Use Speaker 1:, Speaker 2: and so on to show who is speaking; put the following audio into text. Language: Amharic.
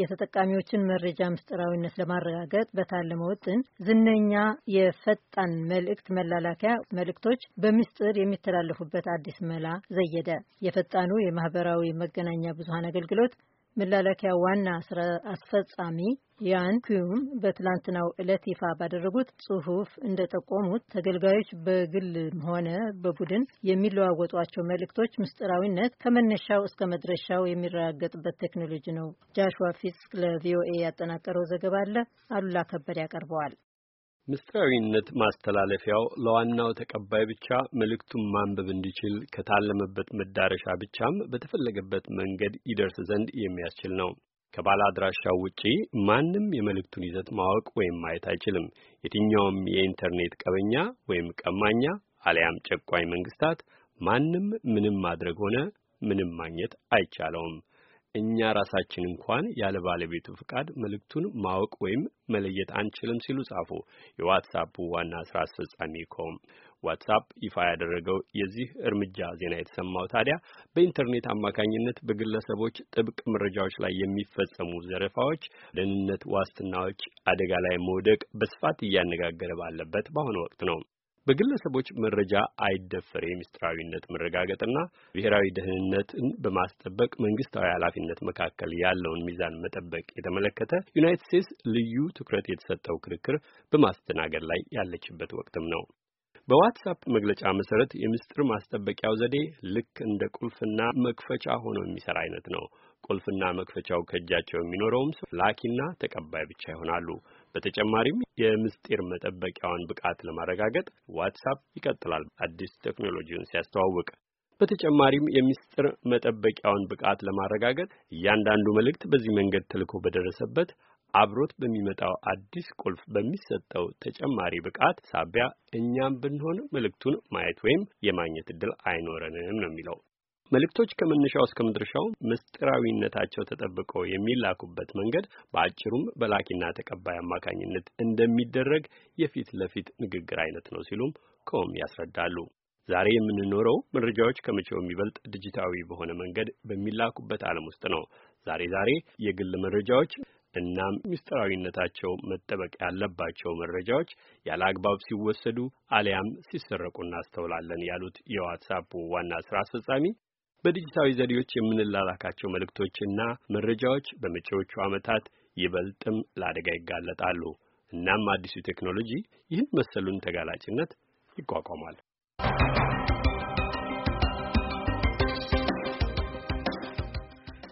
Speaker 1: የተጠቃሚዎችን መረጃ ምስጢራዊነት ለማረጋገጥ በታለመ ውጥን ዝነኛ የፈጣን መልእክት መላላኪያ መልእክቶች በምስጢር የሚተላለፉበት አዲስ መላ ዘየደ። የፈጣኑ የማህበራዊ መገናኛ ብዙሀን አገልግሎት መላላኪያ ዋና አስፈጻሚ ያን ኩም በትላንትናው ዕለት ይፋ ባደረጉት ጽሑፍ እንደጠቆሙት ተገልጋዮች በግልም ሆነ በቡድን የሚለዋወጧቸው መልእክቶች ምስጢራዊነት ከመነሻው እስከ መድረሻው የሚረጋገጥበት ቴክኖሎጂ ነው። ጃሽዋ ፊስክ ለቪኦኤ ያጠናቀረው ዘገባ አለ። አሉላ ከበደ ያቀርበዋል።
Speaker 2: ምስጢራዊነት ማስተላለፊያው ለዋናው ተቀባይ ብቻ መልእክቱን ማንበብ እንዲችል ከታለመበት መዳረሻ ብቻም በተፈለገበት መንገድ ይደርስ ዘንድ የሚያስችል ነው። ከባለ አድራሻው ውጪ ማንም የመልእክቱን ይዘት ማወቅ ወይም ማየት አይችልም። የትኛውም የኢንተርኔት ቀበኛ ወይም ቀማኛ አሊያም ጨቋኝ መንግስታት ማንም ምንም ማድረግ ሆነ ምንም ማግኘት አይቻለውም። እኛ ራሳችን እንኳን ያለ ባለቤቱ ፍቃድ መልእክቱን ማወቅ ወይም መለየት አንችልም ሲሉ ጻፉ። የዋትሳፑ ዋና ስራ አስፈጻሚ ኮም ዋትሳፕ ይፋ ያደረገው የዚህ እርምጃ ዜና የተሰማው ታዲያ በኢንተርኔት አማካኝነት በግለሰቦች ጥብቅ መረጃዎች ላይ የሚፈጸሙ ዘረፋዎች፣ ደህንነት ዋስትናዎች አደጋ ላይ መውደቅ በስፋት እያነጋገረ ባለበት በአሁኑ ወቅት ነው። በግለሰቦች መረጃ አይደፈር የሚስጥራዊነት መረጋገጥና ብሔራዊ ደህንነትን በማስጠበቅ መንግስታዊ ኃላፊነት መካከል ያለውን ሚዛን መጠበቅ የተመለከተ ዩናይትድ ስቴትስ ልዩ ትኩረት የተሰጠው ክርክር በማስተናገድ ላይ ያለችበት ወቅትም ነው። በዋትሳፕ መግለጫ መሰረት የምስጢር ማስጠበቂያው ዘዴ ልክ እንደ ቁልፍና መክፈቻ ሆኖ የሚሰራ አይነት ነው። ቁልፍና መክፈቻው ከእጃቸው የሚኖረውም ሰው ላኪና ተቀባይ ብቻ ይሆናሉ። በተጨማሪም የምስጢር መጠበቂያዋን ብቃት ለማረጋገጥ ዋትሳፕ ይቀጥላል አዲስ ቴክኖሎጂውን ሲያስተዋውቅ። በተጨማሪም የምስጢር መጠበቂያውን ብቃት ለማረጋገጥ እያንዳንዱ መልእክት በዚህ መንገድ ተልኮ በደረሰበት አብሮት በሚመጣው አዲስ ቁልፍ በሚሰጠው ተጨማሪ ብቃት ሳቢያ እኛም ብንሆን መልእክቱን ማየት ወይም የማግኘት እድል አይኖረንም ነው የሚለው። መልእክቶች ከመነሻው እስከ መድረሻው ምስጢራዊነታቸው ተጠብቆ የሚላኩበት መንገድ በአጭሩም በላኪና ተቀባይ አማካኝነት እንደሚደረግ የፊት ለፊት ንግግር አይነት ነው ሲሉም ከም ያስረዳሉ። ዛሬ የምንኖረው መረጃዎች ከመቼው የሚበልጥ ዲጂታዊ በሆነ መንገድ በሚላኩበት ዓለም ውስጥ ነው። ዛሬ ዛሬ የግል መረጃዎች እናም ምስጢራዊነታቸው መጠበቅ ያለባቸው መረጃዎች ያለ አግባብ ሲወሰዱ አሊያም ሲሰረቁ እናስተውላለን ያሉት የዋትሳፑ ዋና ስራ አስፈጻሚ በዲጂታዊ ዘዴዎች የምንላላካቸው መልእክቶችና መረጃዎች በመጪዎቹ ዓመታት ይበልጥም ለአደጋ ይጋለጣሉ። እናም አዲሱ ቴክኖሎጂ ይህን መሰሉን ተጋላጭነት ይቋቋማል።